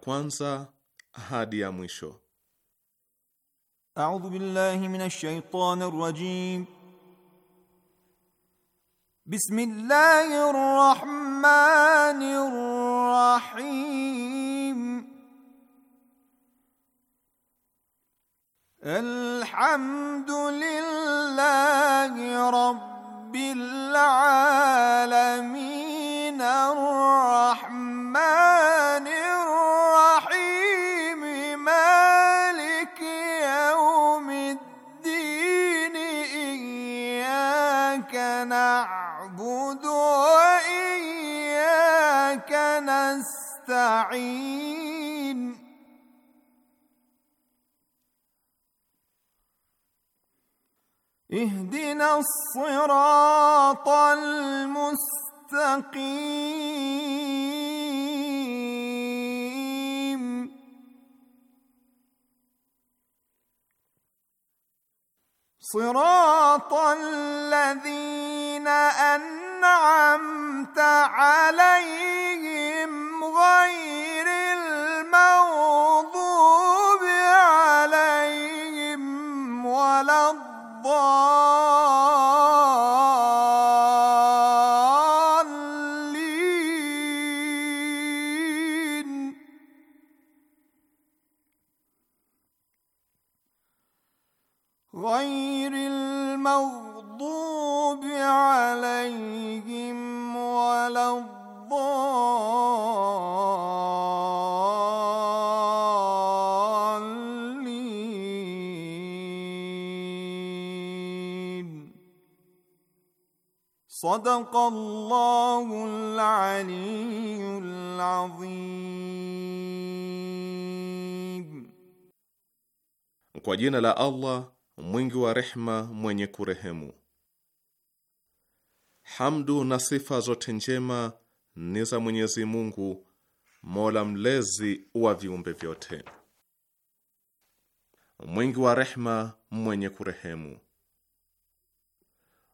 kwanza hadi ya mwisho. A'udhu billahi minash shaitanir rajim. Bismillahir rahmanir نعبد وإياك نستعين اهدنا الصراط المستقيم صراط الذين الذين أنعمت عليهم غير Sadaqallahul aliyyul azim. Kwa jina la Allah mwingi wa rehma mwenye kurehemu. Hamdu na sifa zote njema ni za Mwenyezi Mungu mola mlezi wa viumbe vyote, mwingi wa rehma mwenye kurehemu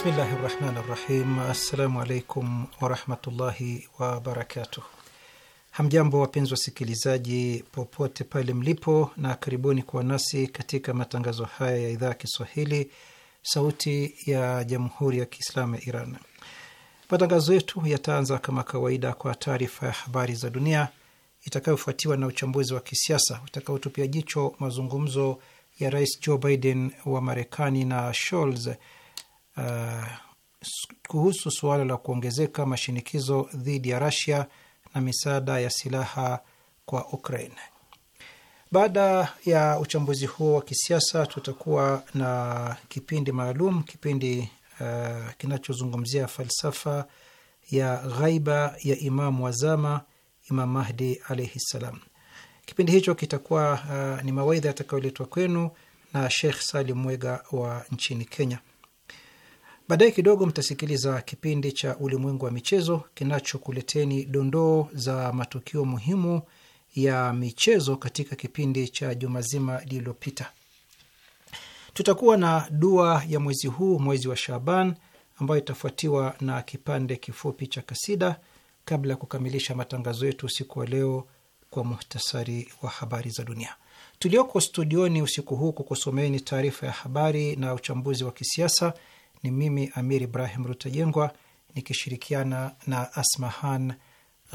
Bismillahi rahmani rahim. Assalamu alaikum warahmatullahi wabarakatuh. Hamjambo wapenzi wasikilizaji, popote pale mlipo, na karibuni kuwa nasi katika matangazo haya ya idhaa ya Kiswahili, Sauti ya Jamhuri ya Kiislamu ya Iran. Matangazo yetu yataanza kama kawaida kwa taarifa ya habari za dunia itakayofuatiwa na uchambuzi wa kisiasa utakaotupia jicho mazungumzo ya Rais Joe Biden wa Marekani na Scholz uh, kuhusu suala la kuongezeka mashinikizo dhidi ya Russia na misaada ya silaha kwa Ukraine. Baada ya uchambuzi huo wa kisiasa, tutakuwa na kipindi maalum, kipindi uh, kinachozungumzia falsafa ya ghaiba ya Imamu wazama Imam Mahdi alaihi ssalam. Kipindi hicho kitakuwa uh, ni mawaidha yatakayoletwa kwenu na Sheikh Salim Mwega wa nchini Kenya. Baadaye kidogo mtasikiliza kipindi cha ulimwengu wa michezo kinachokuleteni dondoo za matukio muhimu ya michezo katika kipindi cha juma zima lililopita. Tutakuwa na dua ya mwezi huu, mwezi wa Shaban, ambayo itafuatiwa na kipande kifupi cha kasida kabla ya kukamilisha matangazo yetu usiku wa leo kwa muhtasari wa habari za dunia. Tulioko studioni usiku huu kukusomeeni taarifa ya habari na uchambuzi wa kisiasa ni mimi Amir Ibrahim Rutajengwa nikishirikiana na Asmahan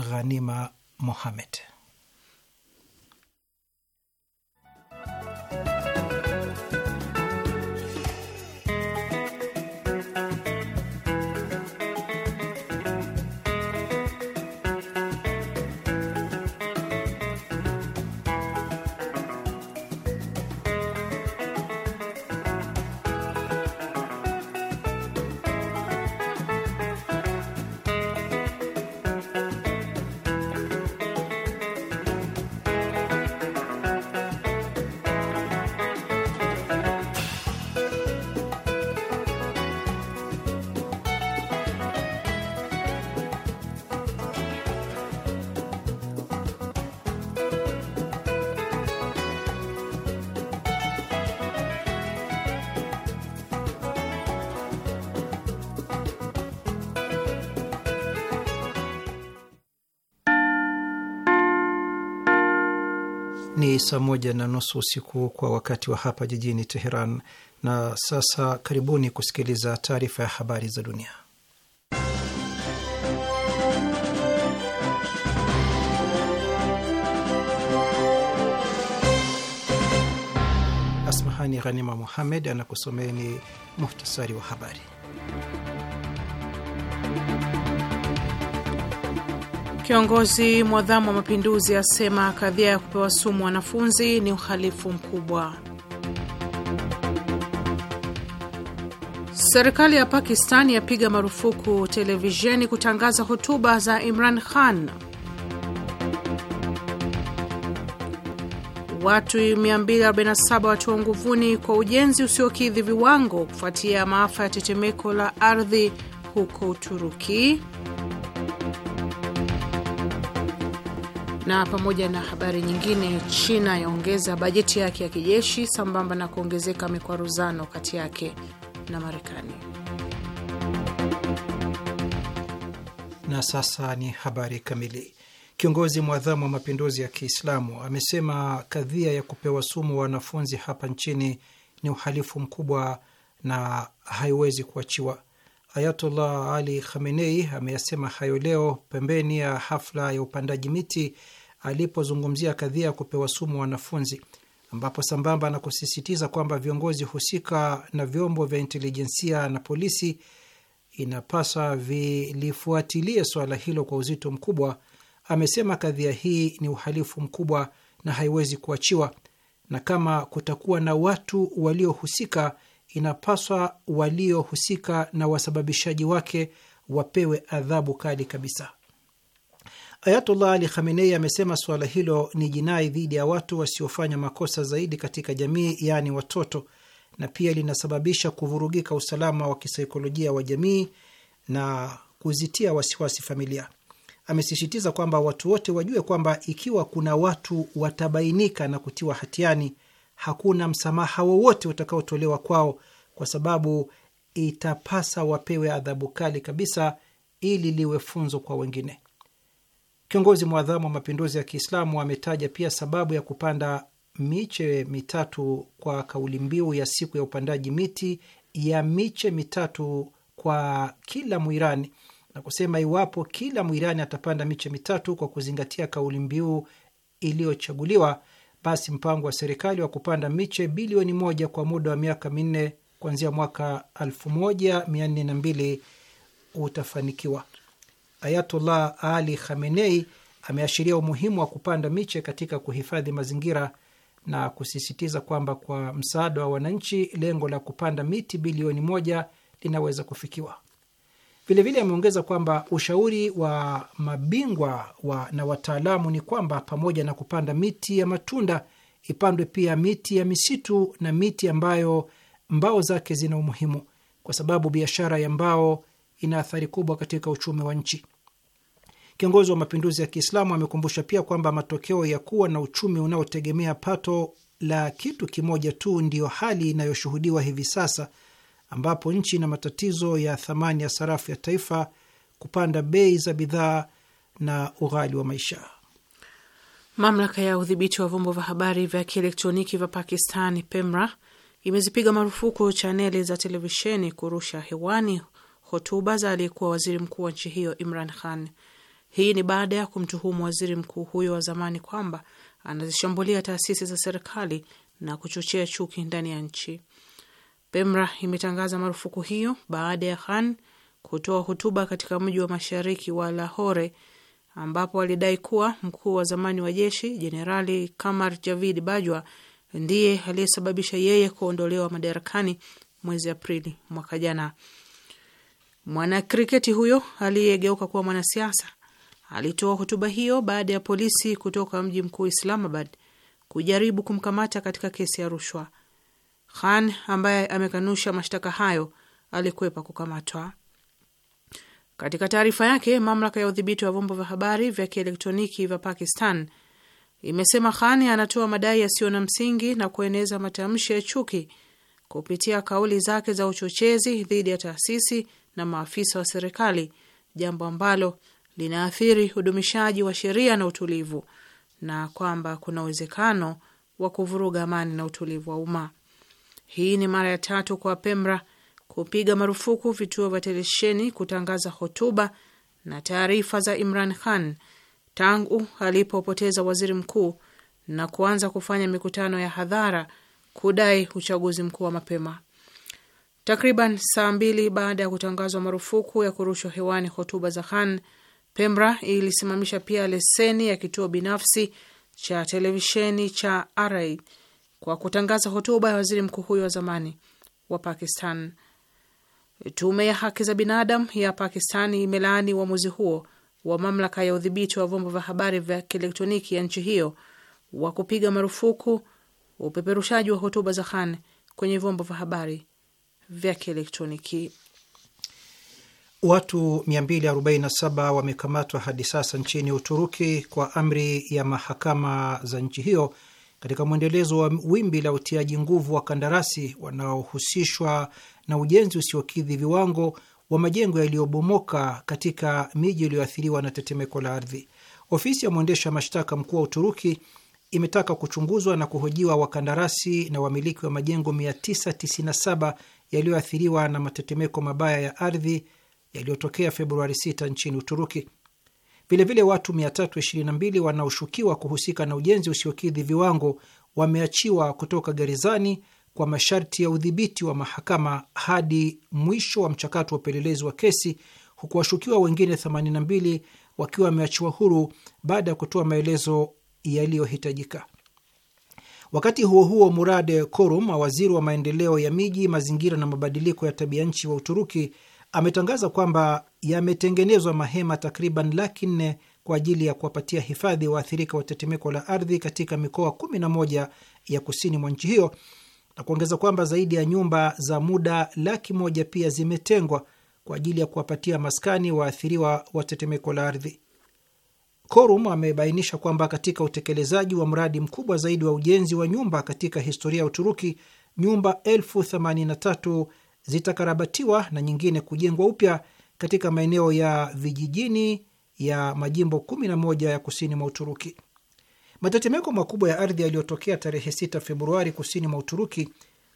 Ghanima Mohamed. saa moja na nusu usiku kwa wakati wa hapa jijini Teheran. Na sasa karibuni kusikiliza taarifa ya habari za dunia, Asmahani Ghanima Muhammed anakusomeni muhtasari wa habari. Kiongozi mwadhamu wa mapinduzi asema kadhia ya kupewa sumu wanafunzi ni uhalifu mkubwa. Serikali ya Pakistani yapiga marufuku televisheni kutangaza hotuba za Imran Khan. Watu 247 watiwa nguvuni kwa ujenzi usiokidhi viwango kufuatia maafa ya tetemeko la ardhi huko Uturuki. na pamoja na habari nyingine, China yaongeza bajeti yake ya kijeshi sambamba na kuongezeka mikwaruzano kati yake na Marekani. Na sasa ni habari kamili. Kiongozi mwadhamu wa mapinduzi ya Kiislamu amesema kadhia ya kupewa sumu wanafunzi hapa nchini ni uhalifu mkubwa na haiwezi kuachiwa. Ayatullah Ali Khamenei ameyasema hayo leo pembeni ya hafla ya upandaji miti alipozungumzia kadhia ya kupewa sumu wanafunzi, ambapo sambamba na kusisitiza kwamba viongozi husika na vyombo vya intelijensia na polisi inapasa vilifuatilie swala hilo kwa uzito mkubwa, amesema kadhia hii ni uhalifu mkubwa na haiwezi kuachiwa, na kama kutakuwa na watu waliohusika inapaswa waliohusika na wasababishaji wake wapewe adhabu kali kabisa. Ayatullah Ali Khamenei amesema suala hilo ni jinai dhidi ya watu wasiofanya makosa zaidi katika jamii, yaani watoto, na pia linasababisha kuvurugika usalama wa kisaikolojia wa jamii na kuzitia wasiwasi familia. Amesisitiza kwamba watu wote wajue kwamba ikiwa kuna watu watabainika na kutiwa hatiani hakuna msamaha wowote utakaotolewa kwao, kwa sababu itapasa wapewe adhabu kali kabisa ili liwe funzo kwa wengine. Kiongozi mwadhamu wa mapinduzi ya Kiislamu ametaja pia sababu ya kupanda miche mitatu kwa kauli mbiu ya siku ya upandaji miti ya miche mitatu kwa kila Mwirani na kusema iwapo kila Mwirani atapanda miche mitatu kwa kuzingatia kauli mbiu iliyochaguliwa basi mpango wa serikali wa kupanda miche bilioni moja kwa muda wa miaka minne kuanzia mwaka 1402 utafanikiwa. Ayatullah Ali Khamenei ameashiria umuhimu wa kupanda miche katika kuhifadhi mazingira na kusisitiza kwamba kwa msaada wa wananchi lengo la kupanda miti bilioni moja linaweza kufikiwa. Vilevile ameongeza kwamba ushauri wa mabingwa wa na wataalamu ni kwamba pamoja na kupanda miti ya matunda ipandwe pia miti ya misitu na miti ambayo mbao zake zina umuhimu, kwa sababu biashara ya mbao ina athari kubwa katika uchumi wa nchi. Kiongozi wa mapinduzi ya Kiislamu amekumbusha pia kwamba matokeo ya kuwa na uchumi unaotegemea pato la kitu kimoja tu ndiyo hali inayoshuhudiwa hivi sasa ambapo nchi ina matatizo ya thamani ya sarafu ya taifa, kupanda bei za bidhaa na ughali wa maisha. Mamlaka ya udhibiti wa vyombo vya habari vya kielektroniki vya Pakistan, PEMRA, imezipiga marufuku chaneli za televisheni kurusha hewani hotuba za aliyekuwa waziri mkuu wa nchi hiyo Imran Khan. Hii ni baada ya kumtuhumu waziri mkuu huyo wa zamani kwamba anazishambulia taasisi za serikali na kuchochea chuki ndani ya nchi. Pemra imetangaza marufuku hiyo baada ya Khan kutoa hotuba katika mji wa mashariki wa Lahore ambapo alidai kuwa mkuu wa zamani wa jeshi Jenerali Kamar Javid Bajwa ndiye aliyesababisha yeye kuondolewa madarakani mwezi Aprili mwaka jana. Mwanakriketi huyo aliyegeuka kuwa mwanasiasa alitoa hotuba hiyo baada ya polisi kutoka mji mkuu Islamabad kujaribu kumkamata katika kesi ya rushwa. Khan ambaye amekanusha mashtaka hayo alikwepa kukamatwa. Katika taarifa yake, mamlaka ya udhibiti wa vyombo vya habari vya kielektroniki vya Pakistan imesema Khan anatoa madai yasiyo na msingi na kueneza matamshi ya chuki kupitia kauli zake za uchochezi dhidi ya taasisi na maafisa wa serikali, jambo ambalo linaathiri udumishaji wa sheria na utulivu, na kwamba kuna uwezekano wa kuvuruga amani na utulivu wa umma. Hii ni mara ya tatu kwa Pemra kupiga marufuku vituo vya televisheni kutangaza hotuba na taarifa za Imran Khan tangu alipopoteza waziri mkuu na kuanza kufanya mikutano ya hadhara kudai uchaguzi mkuu wa mapema. Takriban saa mbili baada ya kutangazwa marufuku ya kurushwa hewani hotuba za Khan, Pemra ilisimamisha pia leseni ya kituo binafsi cha televisheni cha Arai kwa kutangaza hotuba ya waziri mkuu huyo wa zamani wa Pakistan. Tume ya haki za binadamu ya Pakistani imelaani uamuzi huo wa mamlaka ya udhibiti wa vyombo vya habari vya kielektroniki ya nchi hiyo wa kupiga marufuku upeperushaji wa hotuba za Khan kwenye vyombo vya habari vya kielektroniki. Watu 247 wamekamatwa hadi sasa nchini Uturuki kwa amri ya mahakama za nchi hiyo katika mwendelezo wa wimbi la utiaji nguvu wa kandarasi wanaohusishwa na ujenzi usiokidhi viwango wa majengo yaliyobomoka katika miji iliyoathiriwa na tetemeko la ardhi. Ofisi ya mwendesha mashtaka mkuu wa Uturuki imetaka kuchunguzwa na kuhojiwa wakandarasi na wamiliki wa majengo 997 yaliyoathiriwa na matetemeko mabaya ya ardhi yaliyotokea Februari 6 nchini Uturuki. Vilevile, watu 322 wanaoshukiwa kuhusika na ujenzi usiokidhi viwango wameachiwa kutoka gerezani kwa masharti ya udhibiti wa mahakama hadi mwisho wa mchakato wa upelelezi wa kesi, huku washukiwa wengine 82 wakiwa wameachiwa huru baada ya kutoa maelezo yaliyohitajika. Wakati huo huo, Murad Korum, waziri wa maendeleo ya miji, mazingira na mabadiliko ya tabia nchi wa Uturuki, ametangaza kwamba yametengenezwa mahema takriban laki nne kwa ajili ya kuwapatia hifadhi waathirika wa tetemeko la ardhi katika mikoa 11 ya kusini mwa nchi hiyo na kuongeza kwamba zaidi ya nyumba za muda laki moja pia zimetengwa kwa ajili ya kuwapatia maskani waathiriwa wa tetemeko la ardhi. Korum amebainisha kwamba katika utekelezaji wa mradi mkubwa zaidi wa ujenzi wa nyumba katika historia ya Uturuki, nyumba elfu themanini na tatu zitakarabatiwa na nyingine kujengwa upya katika maeneo ya vijijini ya majimbo 11 ya kusini mwa Uturuki. Matetemeko makubwa ya ardhi yaliyotokea tarehe 6 Februari kusini mwa Uturuki,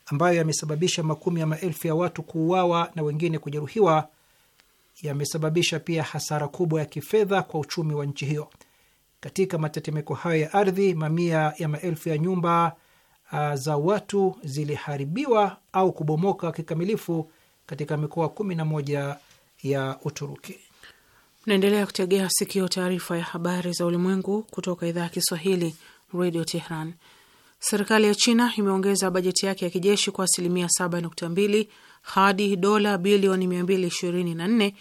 ambayo yamesababisha makumi ya maelfu ya watu kuuawa na wengine kujeruhiwa, yamesababisha pia hasara kubwa ya kifedha kwa uchumi wa nchi hiyo. Katika matetemeko hayo ya ardhi, mamia ya maelfu ya nyumba za watu ziliharibiwa au kubomoka kikamilifu katika mikoa kumi na moja ya Uturuki. Naendelea kutegea sikio taarifa ya habari za ulimwengu kutoka idhaa ya Kiswahili Radio Tehran. Serikali ya China imeongeza bajeti yake ya kijeshi kwa asilimia 7.2 hadi dola bilioni 224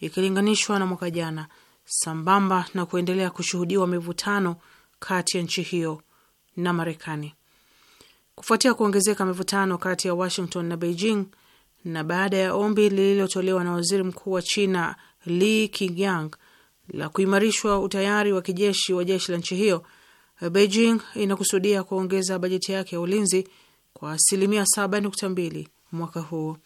ikilinganishwa na mwaka jana, sambamba na kuendelea kushuhudiwa mivutano kati ya nchi hiyo na Marekani kufuatia kuongezeka mivutano kati ya Washington na Beijing na baada ya ombi lililotolewa na waziri mkuu wa China Li Keqiang la kuimarishwa utayari wa kijeshi wa jeshi la nchi hiyo, Beijing inakusudia kuongeza bajeti yake ya ulinzi kwa asilimia 7.2 mwaka huu.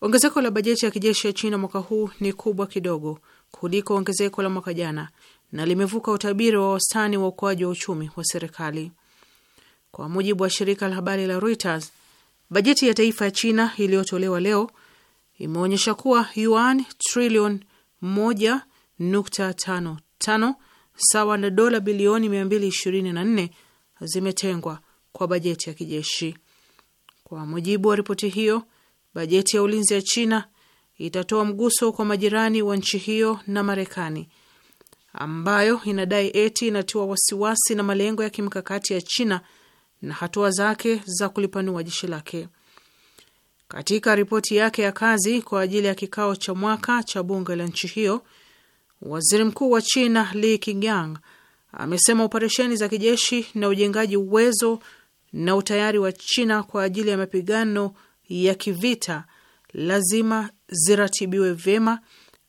Ongezeko la bajeti ya kijeshi ya China mwaka huu ni kubwa kidogo kuliko ongezeko la mwaka jana na limevuka utabiri wa wastani wa ukuaji wa uchumi wa serikali. Kwa mujibu wa shirika la habari la Reuters, bajeti ya taifa ya China iliyotolewa leo imeonyesha kuwa yuan trilioni 1.55 sawa na dola bilioni 224 zimetengwa kwa bajeti ya kijeshi. Kwa mujibu wa ripoti hiyo, bajeti ya ulinzi ya China itatoa mguso kwa majirani wa nchi hiyo na Marekani ambayo inadai eti inatiwa wasiwasi na malengo ya kimkakati ya China na hatua zake za kulipanua jeshi lake. Katika ripoti yake ya kazi kwa ajili ya kikao cha mwaka cha bunge la nchi hiyo, waziri mkuu wa China Li Keqiang amesema operesheni za kijeshi na ujengaji uwezo na utayari wa China kwa ajili ya mapigano ya kivita lazima ziratibiwe vyema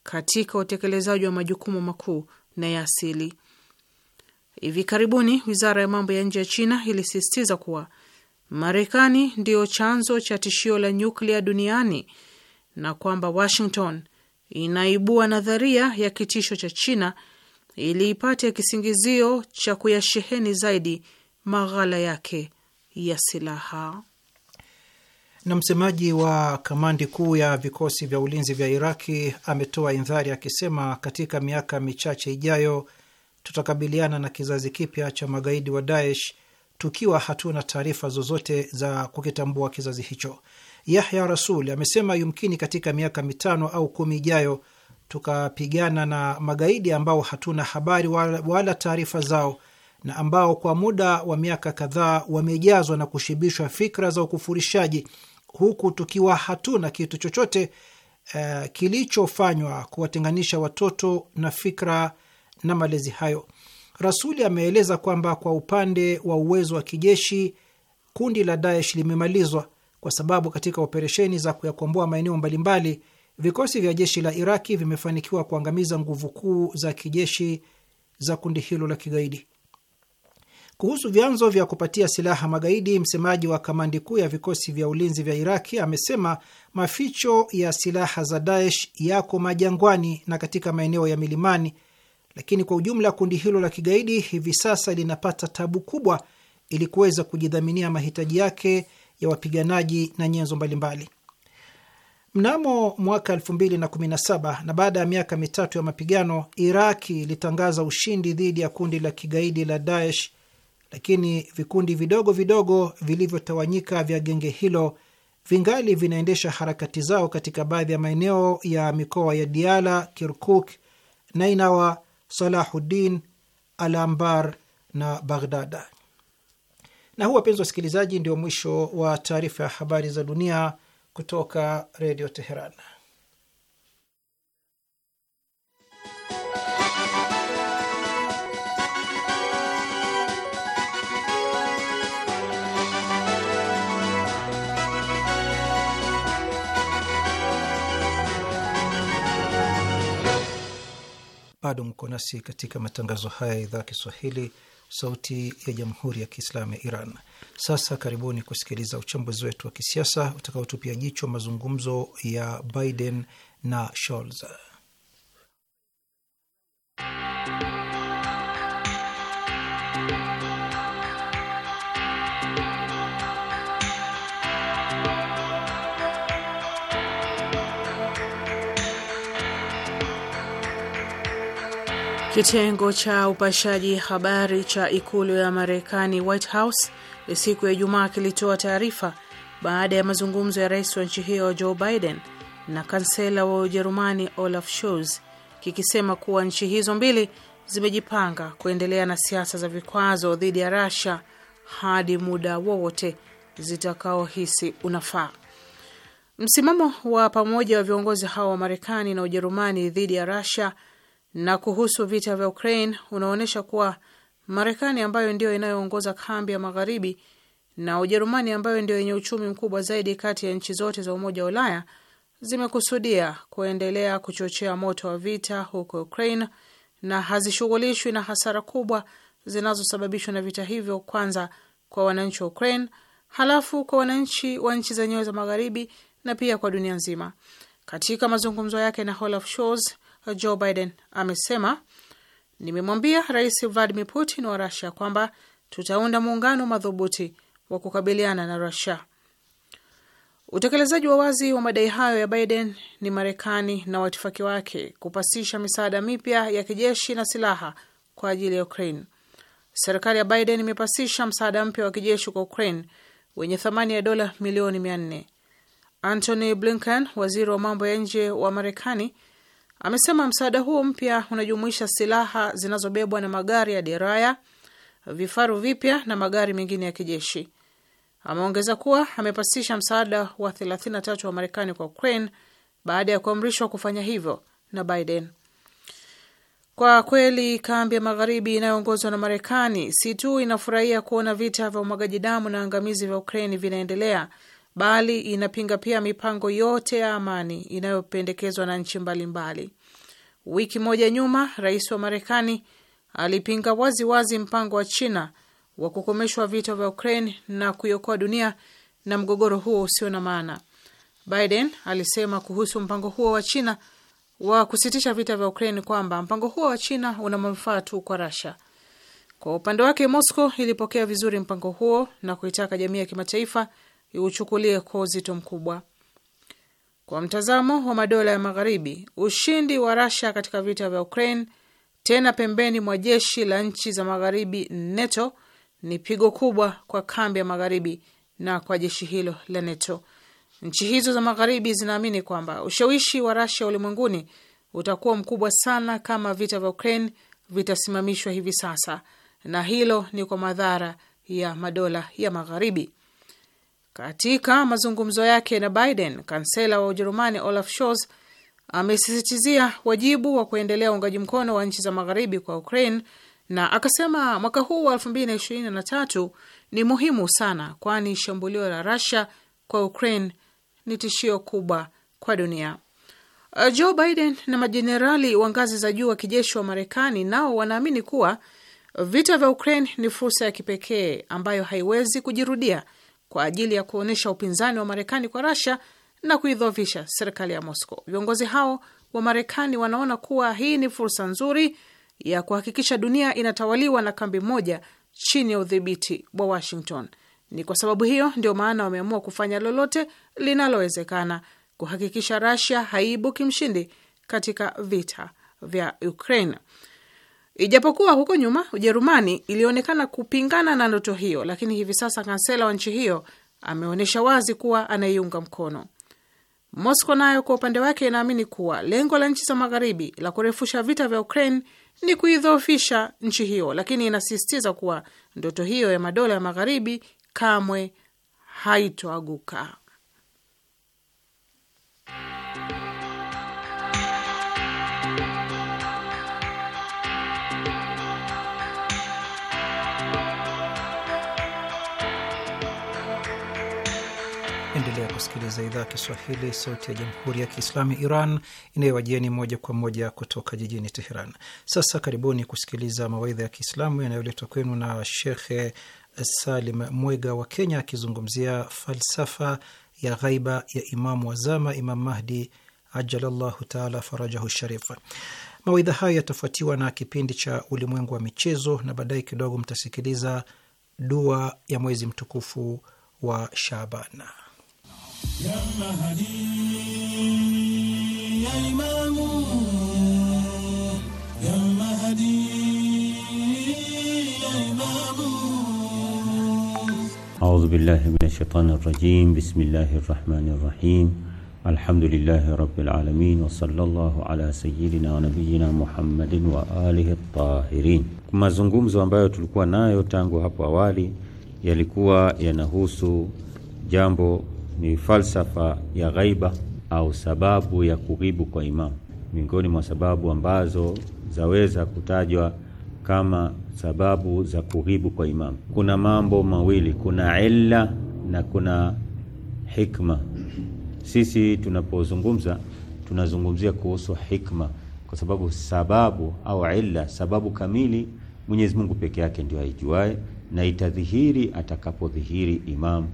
katika utekelezaji wa majukumu makuu na ya asili. Hivi karibuni wizara ya mambo ya nje ya China ilisisitiza kuwa Marekani ndiyo chanzo cha tishio la nyuklia duniani na kwamba Washington inaibua nadharia ya kitisho cha China ili ipate kisingizio cha kuyasheheni zaidi maghala yake ya silaha. Na msemaji wa kamandi kuu ya vikosi vya ulinzi vya Iraki ametoa indhari akisema, katika miaka michache ijayo tutakabiliana na kizazi kipya cha magaidi wa Daesh tukiwa hatuna taarifa zozote za kukitambua kizazi hicho. Yahya Rasul amesema yumkini katika miaka mitano au kumi ijayo tukapigana na magaidi ambao hatuna habari wala, taarifa zao na ambao kwa muda wa miaka kadhaa wamejazwa na kushibishwa fikra za ukufurishaji huku tukiwa hatuna kitu chochote uh, kilichofanywa kuwatenganisha watoto na fikra na malezi hayo. Rasuli ameeleza kwamba kwa upande wa uwezo wa kijeshi kundi la Daesh limemalizwa kwa sababu katika operesheni za kuyakomboa maeneo mbalimbali vikosi vya jeshi la Iraki vimefanikiwa kuangamiza nguvu kuu za kijeshi za kundi hilo la kigaidi. Kuhusu vyanzo vya kupatia silaha magaidi, msemaji wa kamandi kuu ya vikosi vya ulinzi vya Iraki amesema maficho ya silaha za Daesh yako majangwani na katika maeneo ya milimani lakini kwa ujumla kundi hilo la kigaidi hivi sasa linapata tabu kubwa ili kuweza kujidhaminia mahitaji yake ya wapiganaji na nyenzo mbalimbali. Mnamo mwaka 2017 na baada ya miaka mitatu ya mapigano, Iraki ilitangaza ushindi dhidi ya kundi la kigaidi la Daesh, lakini vikundi vidogo vidogo vilivyotawanyika vya genge hilo vingali vinaendesha harakati zao katika baadhi ya maeneo ya mikoa ya Diala, Kirkuk, Nainawa Salahuddin, Alambar na Baghdada. Na huu, wapenzi wasikilizaji, ndio mwisho wa taarifa ya habari za dunia kutoka Redio Teheran. bado mko nasi katika matangazo haya ya idhaa Kiswahili, sauti ya jamhuri ya kiislamu ya Iran. Sasa karibuni kusikiliza uchambuzi wetu wa kisiasa utakaotupia jicho mazungumzo ya Biden na Scholz. Kitengo cha upashaji habari cha ikulu ya Marekani, White House, siku ya Ijumaa kilitoa taarifa baada ya mazungumzo ya rais wa nchi hiyo Joe Biden na kansela wa Ujerumani Olaf Scholz, kikisema kuwa nchi hizo mbili zimejipanga kuendelea na siasa za vikwazo dhidi ya Russia hadi muda wowote zitakaohisi unafaa. Msimamo wa pamoja wa viongozi hao wa Marekani na Ujerumani dhidi ya Russia na kuhusu vita vya Ukraine unaonyesha kuwa Marekani ambayo ndiyo inayoongoza kambi ya magharibi na Ujerumani ambayo ndio yenye uchumi mkubwa zaidi kati ya nchi zote za Umoja wa Ulaya zimekusudia kuendelea kuchochea moto wa vita huko Ukraine na hazishughulishwi na hasara kubwa zinazosababishwa na vita hivyo, kwanza kwa wananchi wa Ukraine, halafu kwa wananchi wa nchi zenyewe za magharibi na pia kwa dunia nzima. Katika mazungumzo yake na Olaf Scholz, Joe Biden amesema, nimemwambia Rais Vladimir Putin wa Rusia kwamba tutaunda muungano madhubuti wa kukabiliana na Rusia. Utekelezaji wa wazi wa madai hayo ya Biden ni Marekani na watifaki wake kupasisha misaada mipya ya kijeshi na silaha kwa ajili ya Ukraine. Serikali ya Biden imepasisha msaada mpya wa kijeshi kwa Ukraine wenye thamani ya dola milioni mia nne. Antony Blinken, waziri wa mambo ya nje wa Marekani, Amesema msaada huo mpya unajumuisha silaha zinazobebwa na magari ya deraya, vifaru vipya na magari mengine ya kijeshi. Ameongeza kuwa amepasisha msaada wa 33 wa Marekani kwa Ukraine baada ya kuamrishwa kufanya hivyo na Biden. Kwa kweli kambi ya magharibi inayoongozwa na Marekani si tu inafurahia kuona vita vya umwagaji damu na angamizi vya Ukraini vinaendelea, bali inapinga pia mipango yote ya amani inayopendekezwa na nchi mbalimbali. Wiki moja nyuma, rais wa Marekani alipinga waziwazi wazi mpango wa China wa kukomeshwa vita vya Ukraine na kuiokoa dunia na mgogoro huo usio na maana. Biden alisema kuhusu mpango huo wa China wa kusitisha vita vya Ukraine kwamba mpango huo wa China una manufaa tu kwa Russia. Kwa upande wake, Moscow ilipokea vizuri mpango huo na kuitaka jamii ya kimataifa iuchukulie kwa uzito mkubwa. Kwa mtazamo wa madola ya Magharibi, ushindi wa rasia katika vita vya Ukraine, tena pembeni mwa jeshi la nchi za Magharibi NATO, ni pigo kubwa kwa kambi ya Magharibi na kwa jeshi hilo la NATO. Nchi hizo za Magharibi zinaamini kwamba ushawishi wa rasia ulimwenguni utakuwa mkubwa sana kama vita vya Ukraine vitasimamishwa hivi sasa, na hilo ni kwa madhara ya madola ya Magharibi. Katika mazungumzo yake na Biden, kansela wa Ujerumani Olaf Scholz amesisitizia wajibu wa kuendelea uungaji mkono wa nchi za magharibi kwa Ukraine na akasema mwaka huu wa 2023 ni muhimu sana, kwani shambulio la Russia kwa Ukraine ni tishio kubwa kwa dunia. Joe Biden na majenerali wa ngazi za juu wa kijeshi wa Marekani nao wanaamini kuwa vita vya Ukraine ni fursa ya kipekee ambayo haiwezi kujirudia kwa ajili ya kuonyesha upinzani wa Marekani kwa rasia na kuidhoofisha serikali ya Moscow. Viongozi hao wa Marekani wanaona kuwa hii ni fursa nzuri ya kuhakikisha dunia inatawaliwa na kambi moja chini ya udhibiti wa Washington. Ni kwa sababu hiyo ndio maana wameamua kufanya lolote linalowezekana kuhakikisha rasia haiibuki mshindi katika vita vya Ukraine. Ijapokuwa huko nyuma Ujerumani ilionekana kupingana na ndoto hiyo, lakini hivi sasa kansela wa nchi hiyo ameonyesha wazi kuwa anaiunga mkono. Moscow nayo kwa upande wake inaamini kuwa lengo la nchi za magharibi la kurefusha vita vya Ukraine ni kuidhoofisha nchi hiyo, lakini inasisitiza kuwa ndoto hiyo ya madola ya magharibi kamwe haitoaguka. kusikiliza idhaa ya Kiswahili, sauti ya jamhuri ya kiislamu ya Iran inayowajieni moja kwa moja kutoka jijini Teheran. Sasa karibuni kusikiliza mawaidha ya Kiislamu yanayoletwa kwenu na Shekhe Salim Mwega wa Kenya akizungumzia falsafa ya ghaiba ya Imamu wazama Imam Mahdi ajalallahu taala farajahu sharifa. Mawaidha hayo yatafuatiwa na kipindi cha ulimwengu wa michezo na baadaye kidogo mtasikiliza dua ya mwezi mtukufu wa Shaabana. Ya Mahdi, ya Imamu, ya Mahdi, ya Imamu. أعوذ بالله من الشيطان الرجيم بسم الله الرحمن الرحيم الحمد لله رب العالمين وصلى الله على سيدنا ونبينا محمد وآله الطاهرين mazungumzo ambayo tulikuwa nayo tangu hapo awali yalikuwa yanahusu jambo ni falsafa ya ghaiba au sababu ya kughibu kwa imamu, miongoni mwa sababu ambazo zaweza kutajwa kama sababu za kughibu kwa imamu. Kuna mambo mawili, kuna illa na kuna hikma. Sisi tunapozungumza tunazungumzia kuhusu hikma, kwa sababu sababu au illa, sababu kamili Mwenyezi Mungu peke yake ndio aijuae, na itadhihiri atakapodhihiri imamu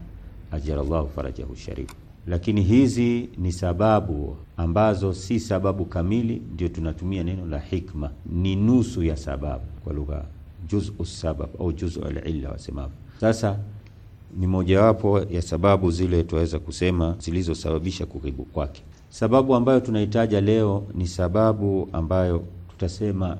ajalallahu farajahu sharif. Lakini hizi ni sababu ambazo si sababu kamili, ndio tunatumia neno la hikma, ni nusu ya sababu kwa lugha juzu sabab au juzu alilla wasemavyo. Sasa ni mojawapo ya sababu zile tunaweza kusema zilizosababisha kughaibu kwake. Sababu ambayo tunaitaja leo ni sababu ambayo tutasema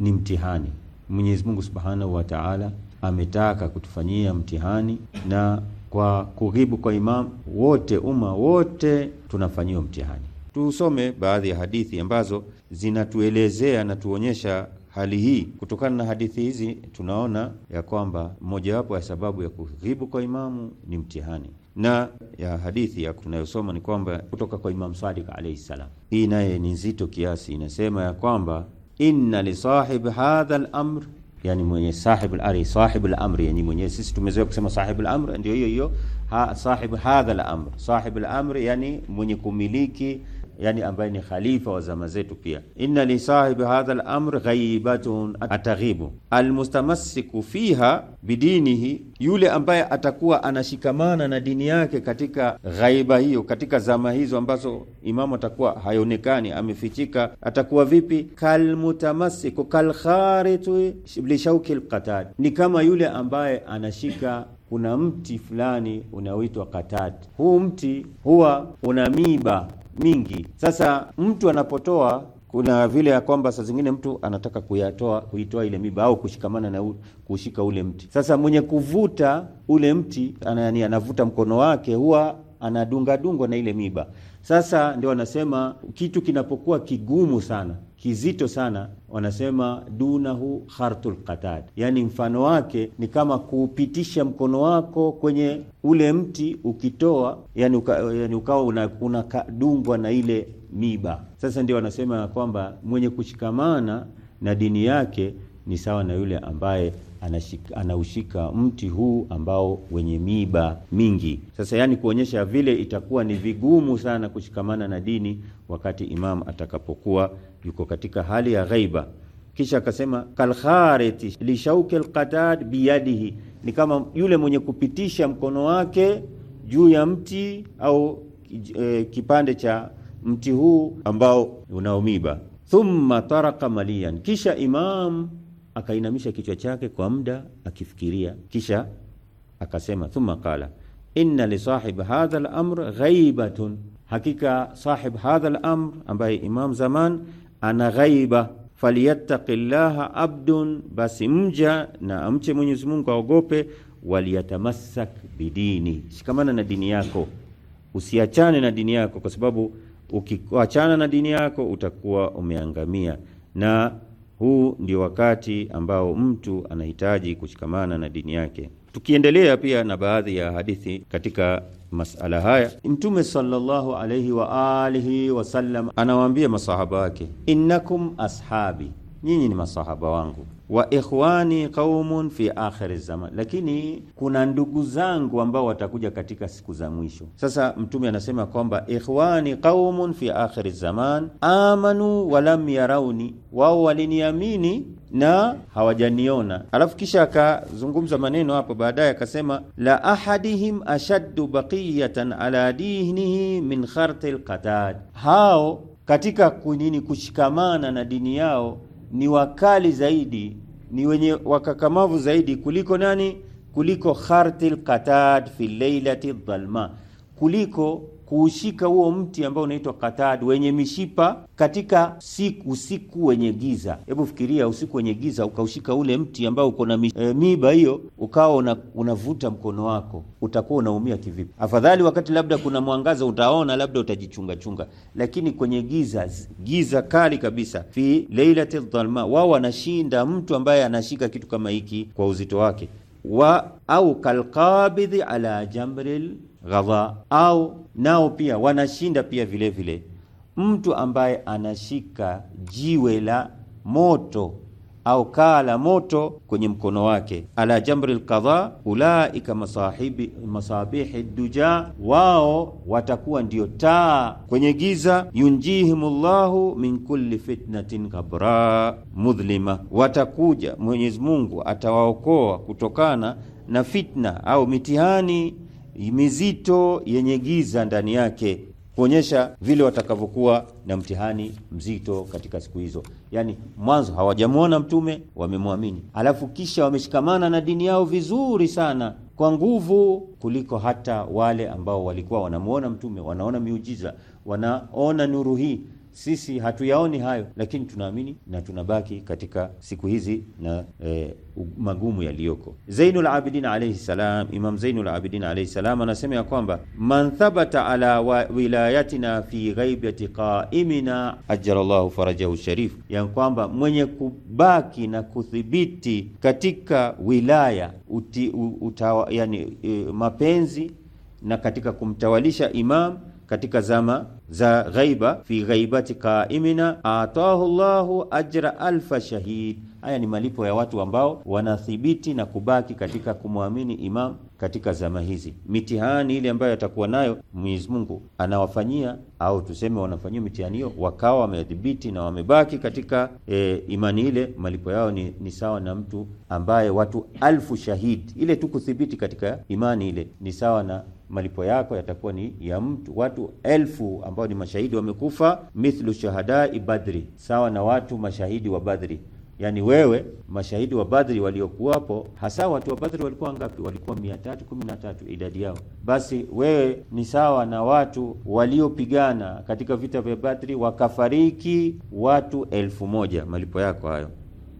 ni mtihani. Mwenyezi Mungu Subhanahu wa Ta'ala ametaka kutufanyia mtihani na kwa kughibu kwa imam wote, umma wote tunafanyiwa mtihani. Tusome baadhi ya hadithi ambazo zinatuelezea na tuonyesha hali hii. Kutokana na hadithi hizi, tunaona ya kwamba mojawapo ya sababu ya kughibu kwa imamu ni mtihani, na ya hadithi ya tunayosoma ni kwamba kutoka kwa Imam Sadiq alayhi salam, hii naye ni nzito kiasi, inasema ya kwamba inna lisahib hadha al-amr yani mwenye sahibu al-amri, sahibu al yani mwenye sisi tumezoea kusema sahibu al-amri ndio hiyo hiyo ha, sahibu hadha al-amr, sahibu al yani mwenye kumiliki yani ambaye ni khalifa wa zama zetu pia. Inna li sahibi hadha al-amr ghaibatun ataghibu almustamassiku fiha bidinihi, yule ambaye atakuwa anashikamana na dini yake katika ghaiba hiyo, katika zama hizo ambazo imamu atakuwa hayonekani amefichika, atakuwa vipi? Kalmutamassiku kalkharitu lishauki lqatad, ni kama yule ambaye anashika kuna mti fulani unaoitwa katati. Huu mti huwa una miba mingi. Sasa mtu anapotoa kuna vile ya kwamba saa zingine mtu anataka kuyatoa kuitoa ile miba au kushikamana na u, kushika ule mti. Sasa mwenye kuvuta ule mti anani, anavuta mkono wake huwa anadungadungwa na ile miba. Sasa ndio anasema kitu kinapokuwa kigumu sana kizito sana, wanasema dunahu khartul qatad, yani mfano wake ni kama kupitisha mkono wako kwenye ule mti ukitoa, yani uka, yani ukawa unadungwa una na ile miba. Sasa ndio wanasema kwamba mwenye kushikamana na dini yake ni sawa na yule ambaye anashika, anaushika mti huu ambao wenye miba mingi. Sasa yani kuonyesha vile itakuwa ni vigumu sana kushikamana na dini wakati imam atakapokuwa yuko katika hali ya ghaiba. Kisha akasema kalkhareti lishauki alqatad biyadihi, ni kama yule mwenye kupitisha mkono wake juu ya mti au e, kipande cha mti huu ambao unaomiba. Thumma taraka malian, kisha Imam akainamisha kichwa chake kwa muda akifikiria, kisha akasema thumma qala inna li sahib hadha al-amr ghaibatun, hakika sahib hadha al-amr ambaye Imam Zaman ana ghaiba falyattaqi llaha abdun, basi mja na amche Mwenyezi Mungu aogope. Waliyatamassak bidini, shikamana na dini yako, usiachane na dini yako, kwa sababu ukiachana na dini yako utakuwa umeangamia. Na huu ndio wakati ambao mtu anahitaji kushikamana na dini yake. Tukiendelea pia na baadhi ya hadithi katika masala haya. Mtume sallallahu alayhi wa alihi wasallam anawaambia masahaba wake, innakum ashabi, nyinyi ni masahaba wangu wa ikhwani qaumun fi akhir zaman, lakini kuna ndugu zangu ambao watakuja katika siku za mwisho. Sasa Mtume anasema kwamba ikhwani qaumun fi akhir zaman amanu walam yarauni, wao waliniamini na hawajaniona. Alafu kisha akazungumza maneno hapo baadaye, akasema la ahadihim ashaddu baqiyatan ala dinihi min khartil qatad, hao katika kunini kushikamana na dini yao ni wakali zaidi, ni wenye wakakamavu zaidi kuliko nani? Kuliko khartil qatad fi lailati dhalma, kuliko kuushika huo mti ambao unaitwa katad wenye mishipa katika siku, usiku wenye giza. Hebu fikiria usiku wenye giza, ukaushika ule mti ambao uko na e, eh, miiba hiyo, ukawa una, unavuta mkono wako, utakuwa unaumia kivipi? Afadhali wakati labda kuna mwangaza, utaona labda utajichunga chunga, lakini kwenye giza, giza kali kabisa, fi lailati dhalma, wao wanashinda mtu ambaye anashika kitu kama hiki kwa uzito wake wa au kalqabidhi ala jamril ghadha au nao pia wanashinda pia vile vile mtu ambaye anashika jiwe la moto au kaa la moto kwenye mkono wake, ala jamri lqadha ulaika masahibi masabihi duja, wao watakuwa ndio taa kwenye giza. Yunjihim llahu min kulli fitnatin kabra mudhlima, watakuja Mwenyezi Mungu atawaokoa kutokana na fitna au mitihani mizito yenye giza ndani yake kuonyesha vile watakavyokuwa na mtihani mzito katika siku hizo. Yaani mwanzo hawajamwona mtume, wamemwamini, alafu kisha wameshikamana na dini yao vizuri sana kwa nguvu kuliko hata wale ambao walikuwa wanamwona mtume, wanaona miujiza, wanaona nuru hii sisi hatuyaoni hayo, lakini tunaamini na tunabaki katika siku hizi na e, magumu yaliyoko. Zainul Abidin alayhi salam, Imam Zainul Abidin alayhi salam anasema ya kwamba man thabata ala wilayatina fi ghaibati qaimina ajalallahu farajahu sharif, ya kwamba mwenye kubaki na kuthibiti katika wilaya uti, utawa, yani, e, mapenzi na katika kumtawalisha imam katika zama za ghaiba, fi ghaibati qaimina atahu llahu ajra alfa shahid. Haya ni malipo ya watu ambao wanathibiti na kubaki katika kumwamini Imam katika zama hizi. Mitihani ile ambayo atakuwa nayo Mwenyezi Mungu anawafanyia au tuseme wanafanyia mitihani hiyo, wakawa wamedhibiti na wamebaki katika e, imani ile, malipo yao ni, ni sawa na mtu ambaye watu alfu shahid. Ile tu kuthibiti katika imani ile ni sawa na malipo yako yatakuwa ni ya mtu watu elfu ambao ni mashahidi wamekufa, mithlu shahadai Badri, sawa na watu mashahidi wa Badri. Yaani wewe mashahidi wa Badri waliokuwapo, hasa watu wa Badri walikuwa ngapi? Walikuwa mia tatu kumi na tatu idadi yao. Basi wewe ni sawa na watu waliopigana katika vita vya Badri wakafariki watu elfu moja, malipo yako hayo.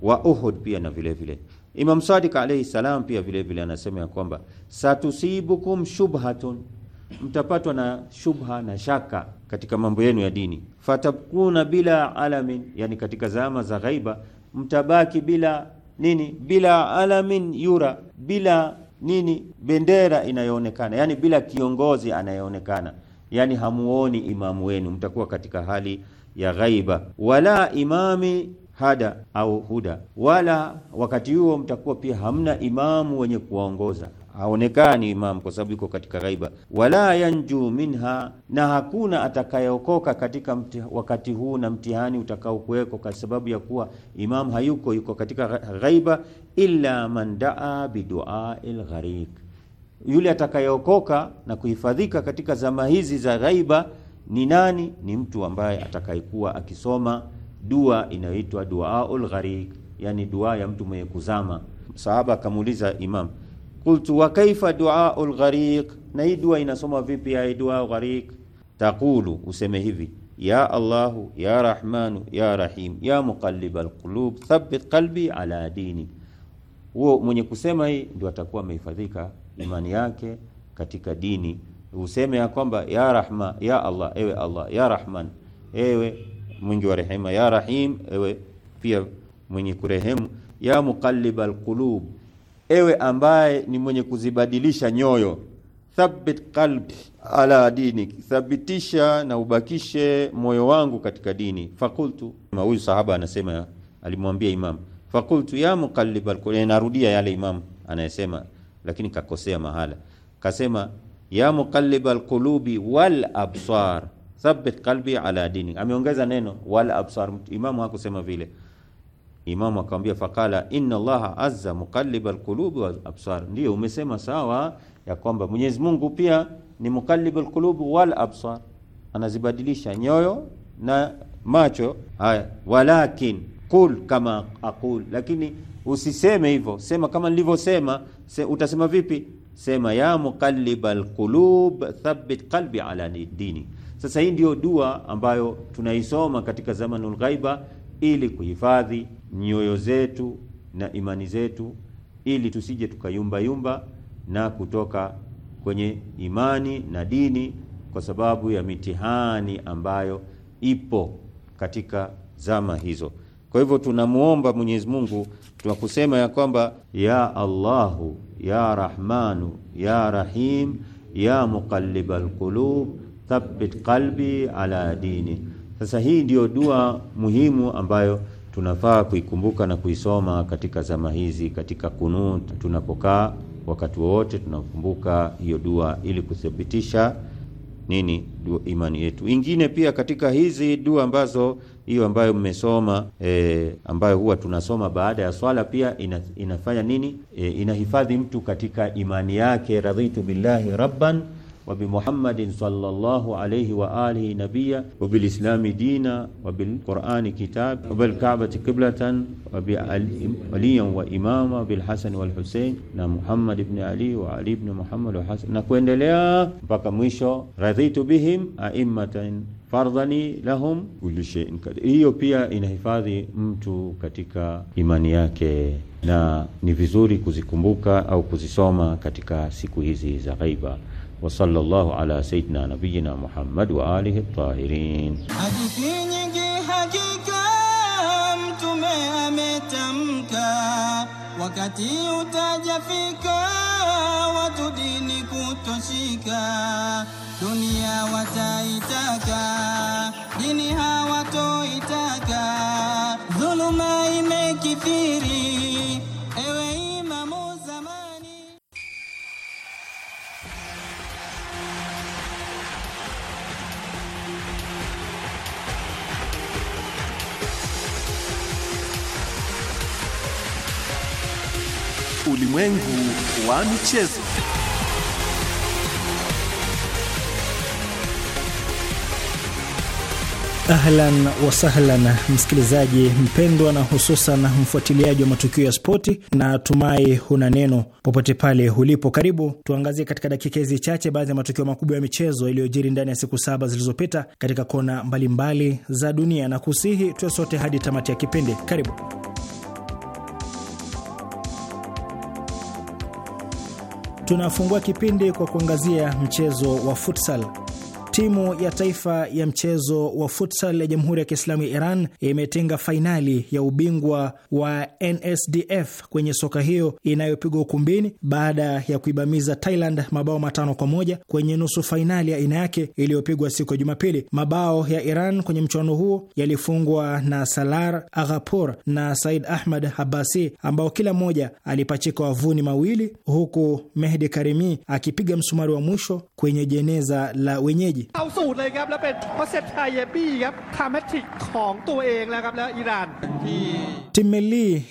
Wa Uhud pia na vile vile Imam Sadiq alayhi salam pia vile vile anasema ya kwamba satusibukum shubhatun, mtapatwa na shubha na shaka katika mambo yenu ya dini. Fatabkuna bila alamin, yani katika zama za ghaiba mtabaki bila nini? Bila alamin yura, bila nini? Bendera inayoonekana, yani bila kiongozi anayeonekana, yani hamuoni imamu wenu, mtakuwa katika hali ya ghaiba. Wala imami hada au huda, wala wakati huo mtakuwa pia hamna imamu wenye kuwaongoza haonekani imamu kwa sababu yuko katika ghaiba. Wala yanju minha, na hakuna atakayeokoka katika mti, wakati huu na mtihani utakaokuweko kwa sababu ya kuwa imamu hayuko, yuko katika ghaiba. Illa man daa bidua gharik, yule atakayeokoka na kuhifadhika katika zama hizi za ghaiba ni nani? Ni mtu ambaye atakayekuwa akisoma dua inayoitwa duaul gharik, yani dua ya mtu mwenye kuzama. Sahaba akamuuliza Imam, qultu wa kaifa duaul gharik, na hii dua inasoma vipi? Ya dua gharik, taqulu, useme hivi ya Allahu ya Rahmanu ya Rahim ya muqallibal qulub thabbit qalbi ala dini. Huo mwenye kusema hii ndio atakuwa amehifadhika imani yake katika dini. Useme ya kwamba ya Rahma ya Allah, ewe Allah ya Rahman, ewe mwingi wa rehema, ya rahim, ewe pia mwenye kurehemu, ya muqallibal qulub, ewe ambaye ni mwenye kuzibadilisha nyoyo, thabbit qalbi ala dini, thabitisha na ubakishe moyo wangu katika dini. Fakultu, huyu sahaba anasema, alimwambia Imam, fakultu ya muqallibal qulub, eh, narudia yale Imam anayesema, lakini kakosea mahala, kasema ya muqallibal qulubi wal absar thabbit qalbi ala dini, ameongeza neno wala absar. Imamu hakusema vile. Imam akamwambia faqala inna Allah azza muqallibal qulubi wal absar. Ndio umesema sawa ya kwamba Mwenyezi Mungu pia ni muqallibal qulubi wal absar, anazibadilisha nyoyo na macho haya. Walakin qul kama aqul, lakini usiseme hivyo, sema kama nilivyosema. Se, utasema vipi? Sema ya muqallibal qulub thabbit qalbi ala dini sasa hii ndiyo dua ambayo tunaisoma katika zamanul ghaiba ili kuhifadhi nyoyo zetu na imani zetu, ili tusije tukayumbayumba na kutoka kwenye imani na dini kwa sababu ya mitihani ambayo ipo katika zama hizo. Kwa hivyo tunamwomba Mwenyezi Mungu twa kusema ya kwamba ya Allahu ya Rahmanu ya Rahim ya Muqallibal Qulub thabbit qalbi ala dini. Sasa hii ndio dua muhimu ambayo tunafaa kuikumbuka na kuisoma katika zama hizi, katika kunut tunapokaa, wakati wowote tunakumbuka hiyo dua ili kuthibitisha nini dua imani yetu. Ingine pia katika hizi dua ambazo hiyo ambayo mmesoma e, ambayo huwa tunasoma baada ya swala pia ina, inafanya nini e, inahifadhi mtu katika imani yake, radhitu billahi rabban wa bi Muhammadin sallallahu alayhi wa alihi nabiyya wa bil islami dina wa bil qur'ani kitab wa bil ka'bati qiblatan wa bi aliyan wa imama bil hasan wal husayn na Muhammad ibn Ali wa Ali ibn Muhammad wa Hasan na kuendelea mpaka mwisho. Radhitu bihim a'immatan fardhani lahum kulli shay'in kad. Hiyo pia inahifadhi mtu katika imani yake na ni vizuri kuzikumbuka au kuzisoma katika siku hizi za ghaiba. وصلى الله ala sayyidina nabiyina Muhammad wa alihi tahirin. Hadithi nyingi hakika mtume wakati utajafika watu dini kutoshika, dunia wataitaka dini hawatoitaka, dhuluma imekithiri ulimwengu wa michezo. Ahlan wasahlan, msikilizaji mpendwa na hususan mfuatiliaji wa matukio ya spoti, na tumai huna neno popote pale ulipo. Karibu tuangazie katika dakika hizi chache baadhi ya matukio makubwa ya michezo yaliyojiri ndani ya siku saba zilizopita katika kona mbalimbali mbali za dunia, na kusihi tuwe sote hadi tamati ya kipindi. Karibu. tunafungua kipindi kwa kuangazia mchezo wa futsal. Timu ya taifa ya mchezo wa futsal ya Jamhuri ya Kiislamu ya Iran imetinga fainali ya ubingwa wa NSDF kwenye soka hiyo inayopigwa ukumbini baada ya kuibamiza Thailand mabao matano kwa moja kwenye nusu fainali ya aina yake iliyopigwa siku ya Jumapili. Mabao ya Iran kwenye mchuano huo yalifungwa na Salar Aghapor na Said Ahmad Abbasi ambao kila mmoja alipachika wavuni mawili huku Mehdi Karimi akipiga msumari wa mwisho kwenye jeneza la wenyeji. เอาสูตรเลยครับ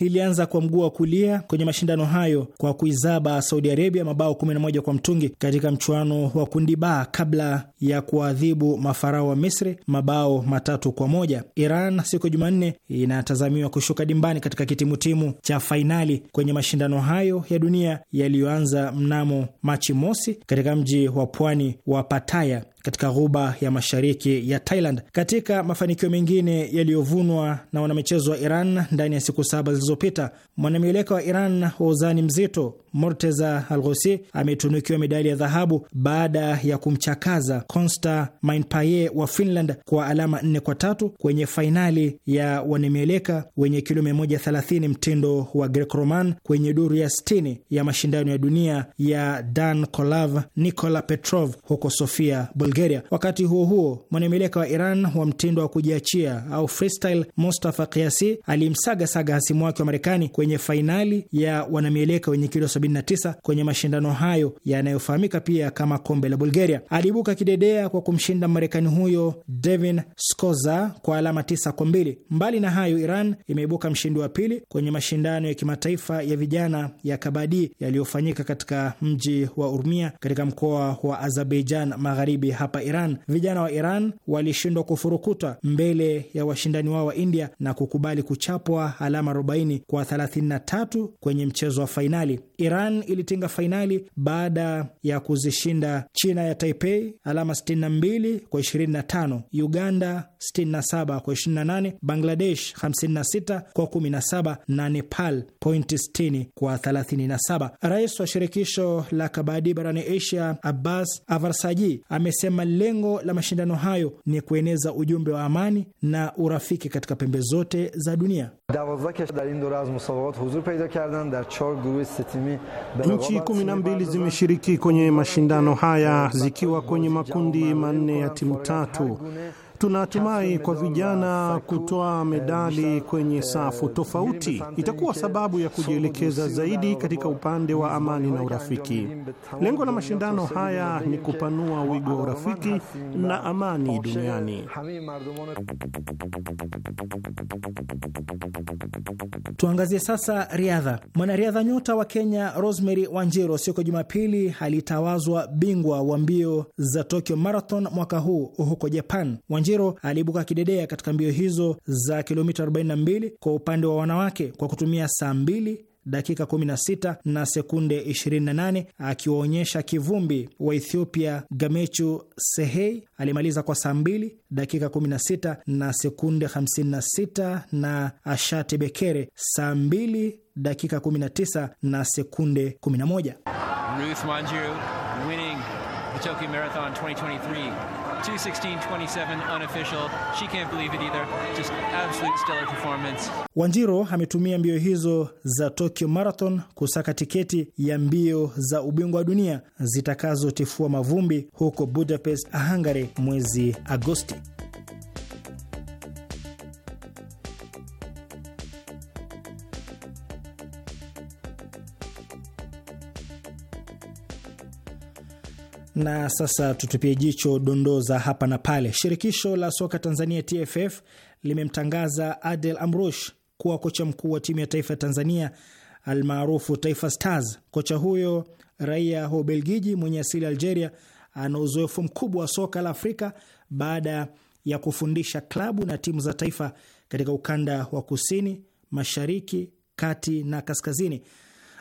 ilianza kwa mguu wa kulia kwenye mashindano hayo kwa kuizaba Saudi Arabia mabao 11 kwa mtungi katika mchuano wa kundi ba kabla ya kuadhibu mafarao wa Misri mabao matatu kwa moja. Iran siku ya Jumanne inatazamiwa kushuka dimbani katika kitimutimu cha fainali kwenye mashindano hayo ya dunia yaliyoanza mnamo Machi mosi katika mji wa pwani wa Pataya katika ghuba ya mashariki ya Thailand. Katika mafanikio mengine yaliyovunwa na wanamichezo wa Iran ndani ya siku saba zilizopita, mwanamieleka wa Iran wa uzani mzito Morteza Alghosi ametunukiwa medali ya dhahabu baada ya kumchakaza Consta Mainpaye wa Finland kwa alama nne kwa tatu kwenye fainali ya wanamieleka wenye kilo 130 mtindo wa Greco Roman kwenye duru ya 60 ya mashindano ya dunia ya Dan Kolav Nikola Petrov huko Sofia, Bulgaria. Wakati huo huo, mwanamieleka wa Iran wa mtindo wa kujiachia au freestyle Mustafa Kiasi alimsagasaga hasimu wake wa Marekani kwenye fainali ya wanamieleka wenye kilo 79 kwenye mashindano hayo yanayofahamika pia kama kombe la Bulgaria. Aliibuka kidedea kwa kumshinda Marekani huyo Devin Scoza kwa alama 9 kwa mbili. Mbali na hayo, Iran imeibuka mshindi wa pili kwenye mashindano ya kimataifa ya vijana ya kabadi yaliyofanyika katika mji wa Urmia katika mkoa wa Azerbaijan Magharibi hapa Iran. Vijana wa Iran walishindwa kufurukuta mbele ya washindani wao wa India na kukubali kuchapwa alama 40 kwa 33 kwenye mchezo wa fainali. Iran ilitinga fainali baada ya kuzishinda China ya Taipei alama 62 kwa 25, Uganda 67 kwa 28, Bangladesh 56 kwa 17 na Nepal pointi 60 kwa 37. Rais wa shirikisho la kabadi barani Asia Abbas Avarsaji amesema amesema lengo la mashindano hayo ni kueneza ujumbe wa amani na urafiki katika pembe zote za dunia. Nchi kumi na mbili zimeshiriki kwenye mashindano haya zikiwa kwenye makundi manne ya timu tatu. Tunatumai kwa vijana kutoa medali kwenye safu tofauti itakuwa sababu ya kujielekeza zaidi katika upande wa amani na urafiki. Lengo la mashindano haya ni kupanua wigo wa urafiki na amani duniani. Tuangazie sasa riadha. Mwanariadha nyota wa Kenya Rosemary wanjiro siku ya Jumapili alitawazwa bingwa wa mbio za Tokyo Marathon mwaka huu huko Japan. Kanjiro aliibuka kidedea katika mbio hizo za kilomita 42 kwa upande wa wanawake kwa kutumia saa 2 dakika 16 na sekunde 28, akiwaonyesha kivumbi wa Ethiopia Gamechu Sehei alimaliza kwa saa 2 dakika 16 na sekunde 56, na Ashate Bekere saa 2 dakika 19 na sekunde 11. Ruth Manjiro winning the Tokyo Marathon 2023. 216-27 unofficial. She can't believe it either. Just absolute stellar performance. Wanjiro ametumia mbio hizo za Tokyo Marathon kusaka tiketi ya mbio za ubingwa wa dunia zitakazotifua mavumbi huko Budapest, Hungary mwezi Agosti. Na sasa tutupie jicho dondoo za hapa na pale. Shirikisho la soka Tanzania TFF limemtangaza Adel Amrush kuwa kocha mkuu wa timu ya taifa ya Tanzania almaarufu Taifa Stars. Kocha huyo raia wa Ubelgiji mwenye asili ya Algeria ana uzoefu mkubwa wa soka la Afrika baada ya kufundisha klabu na timu za taifa katika ukanda wa kusini, mashariki, kati na kaskazini.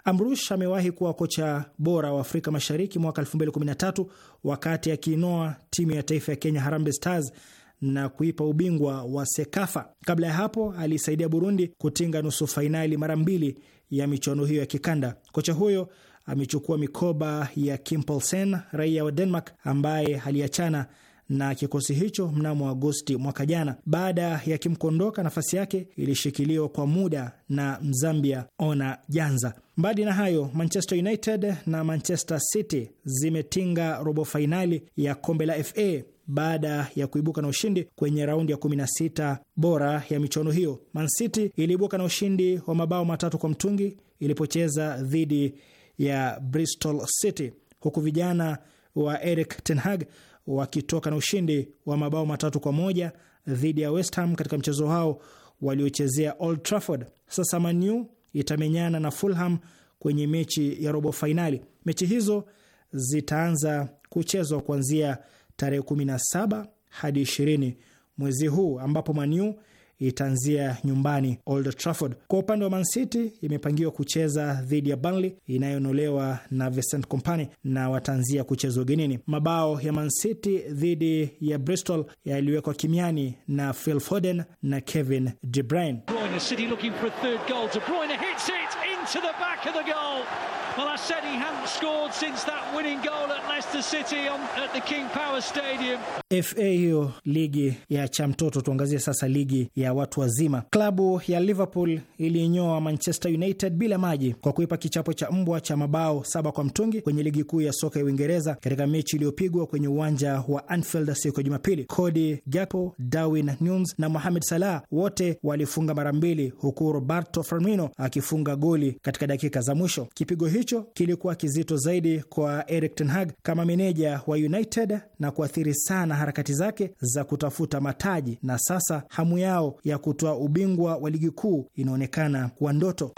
Amrush amewahi kuwa kocha bora wa Afrika Mashariki mwaka 2013 wakati akiinoa timu ya taifa ya Kenya Harambee Stars na kuipa ubingwa wa Sekafa. Kabla ya hapo, aliisaidia Burundi kutinga nusu fainali mara mbili ya michuano hiyo ya kikanda. Kocha huyo amechukua mikoba ya Kimpolsen, raia wa Denmark, ambaye aliachana na kikosi hicho mnamo Agosti mwaka jana. Baada ya kimkondoka, nafasi yake ilishikiliwa kwa muda na Mzambia Ona Janza. Mbali na hayo, Manchester United na Manchester City zimetinga robo fainali ya kombe la FA baada ya kuibuka na ushindi kwenye raundi ya 16 bora ya michuano hiyo. Man City iliibuka na ushindi wa mabao matatu kwa mtungi ilipocheza dhidi ya Bristol City, huku vijana wa Eric ten Hag wakitoka na ushindi wa mabao matatu kwa moja dhidi ya West Ham katika mchezo hao waliochezea Old Trafford. Sasa Manu itamenyana na Fulham kwenye mechi ya robo fainali. Mechi hizo zitaanza kuchezwa kuanzia tarehe 17 hadi 20 mwezi huu ambapo Manu itaanzia nyumbani Old Trafford. Kwa upande wa Man City imepangiwa kucheza dhidi ya Burnley inayonolewa na Vincent Kompany na wataanzia kucheza ugenini. Mabao ya Man City dhidi ya Bristol yaliwekwa kimiani na Phil Foden na Kevin De Bruyne. Bruyne, City looking for a third goal. De Bruyne hits it to the back of the goal. Well, I said he hadn't scored since that winning goal at Leicester City on, at the King Power Stadium. FA hiyo ligi ya cha mtoto. Tuangazie sasa ligi ya watu wazima. Klabu ya Liverpool iliinyoa Manchester United bila maji kwa kuipa kichapo cha mbwa cha mabao saba kwa mtungi kwenye ligi kuu ya soka ya Uingereza katika mechi iliyopigwa kwenye uwanja wa Anfield siku ya Jumapili. Cody Gakpo, Darwin Nunes na Mohamed Salah wote walifunga mara mbili, huku Roberto Firmino akifunga goli katika dakika za mwisho. Kipigo hicho kilikuwa kizito zaidi kwa Erik ten Hag kama meneja wa United na kuathiri sana harakati zake za kutafuta mataji, na sasa hamu yao ya kutoa ubingwa wa ligi kuu inaonekana kuwa ndoto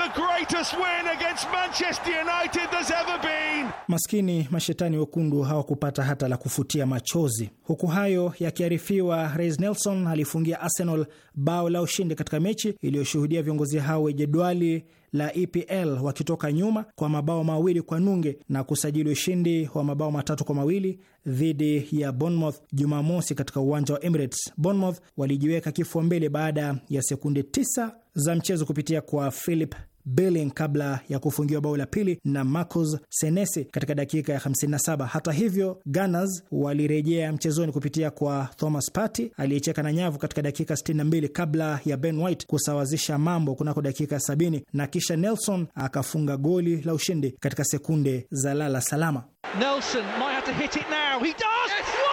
the greatest win against Manchester United there's ever been. Maskini mashetani wekundu hawakupata hata la kufutia machozi. Huku hayo yakiarifiwa, Reiss Nelson alifungia Arsenal bao la ushindi katika mechi iliyoshuhudia viongozi hao wa jedwali la EPL wakitoka nyuma kwa mabao mawili kwa nunge na kusajili ushindi wa mabao matatu kwa mawili dhidi ya Bournemouth Jumamosi katika uwanja wa Emirates. Bournemouth walijiweka kifua mbele baada ya sekunde tisa za mchezo kupitia kwa Philip billing kabla ya kufungiwa bao la pili na Marcos Senesi katika dakika ya 57. Hata hivyo, Gunners walirejea mchezoni kupitia kwa Thomas Partey aliyecheka na nyavu katika dakika 62 kabla ya Ben White kusawazisha mambo kunako dakika 70 na kisha Nelson akafunga goli la ushindi katika sekunde za lala salama. Nelson might have to hit it now. He does! Yes!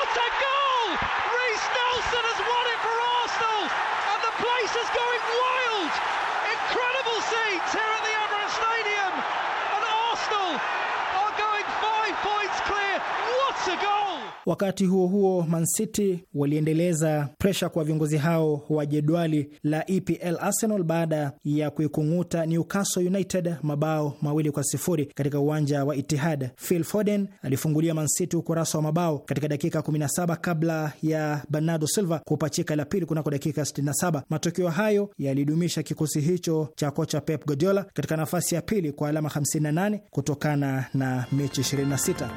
Wakati huo huo, Man City waliendeleza presha kwa viongozi hao wa jedwali la EPL Arsenal baada ya kuikung'uta Newcastle United mabao mawili kwa sifuri katika uwanja wa Itihad. Phil Foden alifungulia Man City ukurasa wa mabao katika dakika 17 kabla ya Bernardo Silva kupachika la pili kunako dakika 67. Matokeo hayo yalidumisha kikosi hicho cha kocha Pep Guardiola katika nafasi ya pili kwa alama 58 kutokana na mechi 26.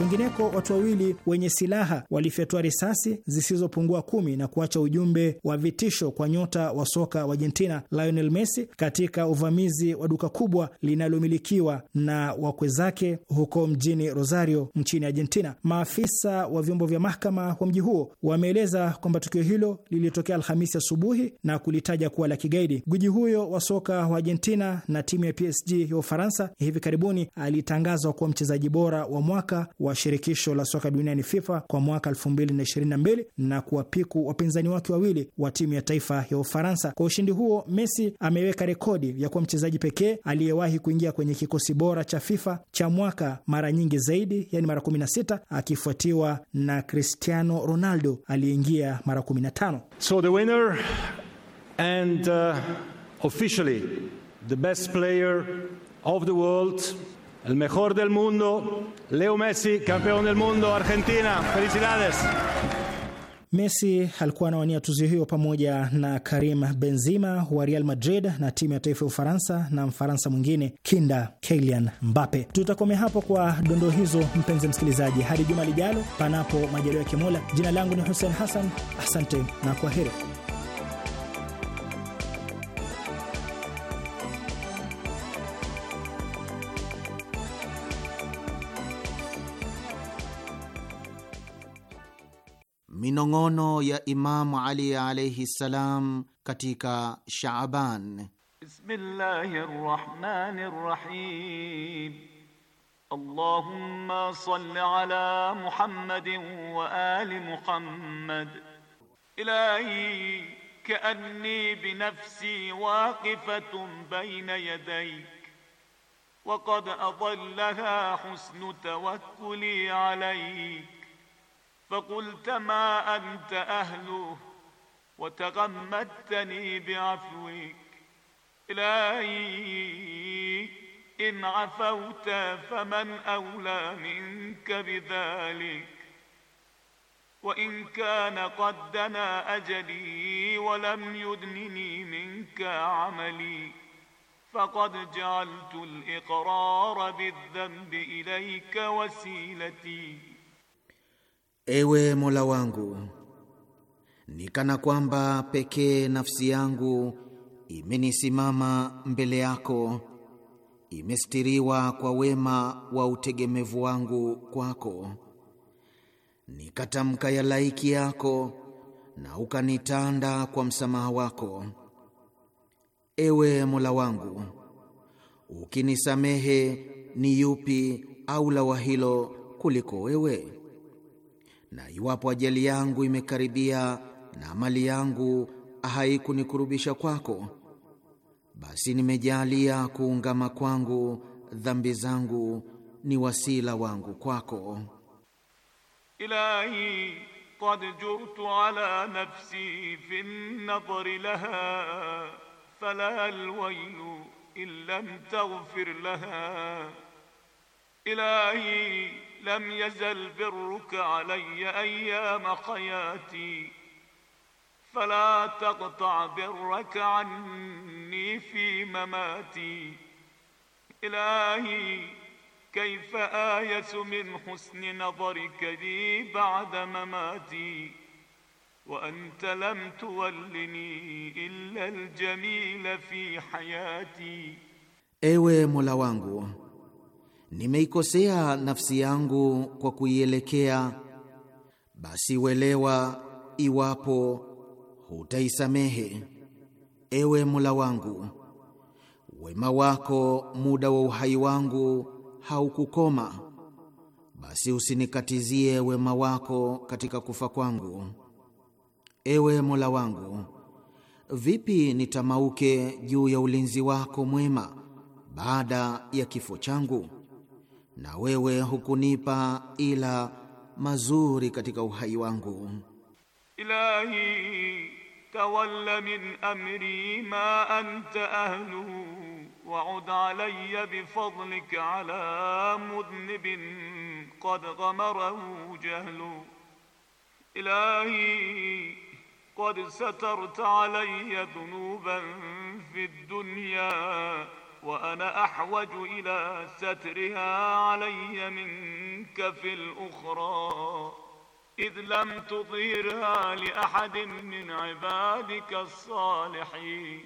Kwingineko, watu wawili wenye silaha walifyatua risasi zisizopungua kumi na kuacha ujumbe wa vitisho kwa nyota wa soka wa Argentina Lionel Messi katika uvamizi wa duka kubwa linalomilikiwa na wakwe zake huko mjini Rosario nchini Argentina. Maafisa wa vyombo vya mahakama wa mji huo wameeleza kwamba tukio hilo lilitokea Alhamisi asubuhi na kulitaja kuwa la kigaidi. Gwiji huyo wa soka wa Argentina na timu ya PSG ya Ufaransa hivi karibuni alitangazwa kuwa mchezaji bora wa mwaka wa wa shirikisho la soka duniani FIFA kwa mwaka 2022 na kuwapiku wapinzani wake wawili wa timu ya taifa ya Ufaransa. Kwa ushindi huo, Messi ameweka rekodi ya kuwa mchezaji pekee aliyewahi kuingia kwenye kikosi bora cha FIFA cha mwaka mara nyingi zaidi, yani mara 16, akifuatiwa na Cristiano Ronaldo aliyeingia mara 15. So the winner and uh, officially the best player of the world el mejor del mundo, Leo Messi, campeón del mundo, Argentina. Felicidades. Messi alikuwa anawania tuzo hiyo pamoja na Karim Benzema wa Real Madrid na timu ya taifa ya Ufaransa na Mfaransa mwingine kinda Kylian Mbappe. Tutakomea hapo kwa dondoo hizo, mpenzi msikilizaji, hadi juma lijalo, panapo majaliwa ya Kimola. Jina langu ni Hussein Hassan, asante na kwa heri. minong'ono ya Imamu Ali alaihi ssalam katika Shaaban. Bismillahi rahmani rahim. Allahumma salli ala Muhammadin wa ali Muhammad. Ilahi kaanni binafsi waqifatun bayna yadayk وقد أضلها حسن توكلي عليك فقلت ما أنت أهله وتغمدتني بعفوك إلهي إن عفوت فمن أولى منك بذلك وإن كان قد دنا أجلي ولم يدنني منك عملي فقد جعلت الإقرار بالذنب إليك وسيلتي Ewe Mola wangu, nikana kwamba pekee nafsi yangu imenisimama mbele yako, imestiriwa kwa wema wa utegemevu wangu kwako, nikatamka ya laiki yako na ukanitanda kwa msamaha wako. Ewe Mola wangu, ukinisamehe ni yupi au la wa hilo kuliko wewe? na iwapo ajali yangu imekaribia na mali yangu haikunikurubisha kwako, basi nimejalia kuungama kwangu dhambi zangu ni wasila wangu kwako. Ilahi qad jurtu ala nafsi fi nadhri laha fala illa illam taghfir laha ilahi لم يزل برك علي أيام حياتي فلا تقطع برك عني في مماتي إلهي كيف آيس من حسن نظرك لي بعد مماتي وأنت لم تولني إلا الجميل في حياتي ايوه مولا وانغو nimeikosea nafsi yangu kwa kuielekea, basi welewa iwapo hutaisamehe. Ewe Mola wangu, wema wako muda wa uhai wangu haukukoma, basi usinikatizie wema wako katika kufa kwangu. Ewe Mola wangu, vipi nitamauke juu ya ulinzi wako mwema baada ya kifo changu? na wewe hukunipa ila mazuri katika uhai wangu. Ilahi tawalla min amri ma anta ahlu wa ud alayya bi bifadlika ala mudhnibin qad ghamarahu jahlu ilahi qad satarta alayya dhunuban fi dunya wa ana ahwaju ila satriha alayya minka fil ukhra idh lam tudhirha li ahadin min ibadika as-salihin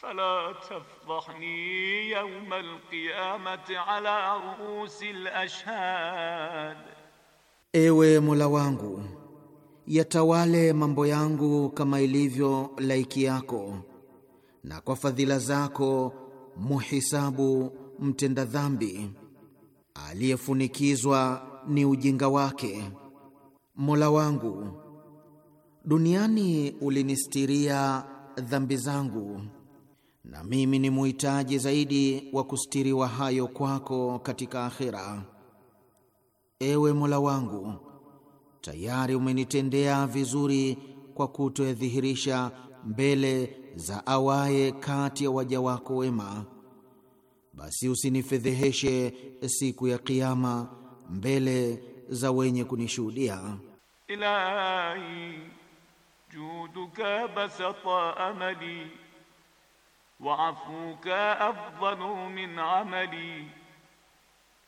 fala tafdhahni yawma al-qiyamati ala ruusi al-ashhad, Ewe Mola wangu yatawale mambo yangu kama ilivyo laiki yako, na kwa fadhila zako muhisabu mtenda dhambi, aliyefunikizwa ni ujinga wake. Mola wangu, duniani ulinistiria dhambi zangu, na mimi ni muhitaji zaidi wa kustiriwa hayo kwako katika akhira. Ewe Mola wangu, tayari umenitendea vizuri kwa kutoyadhihirisha mbele za awaye kati ya waja wako wema, basi usinifedheheshe siku ya Kiyama mbele za wenye kunishuhudia. Ilahi juduka basata amali wa afuka afdalu min amali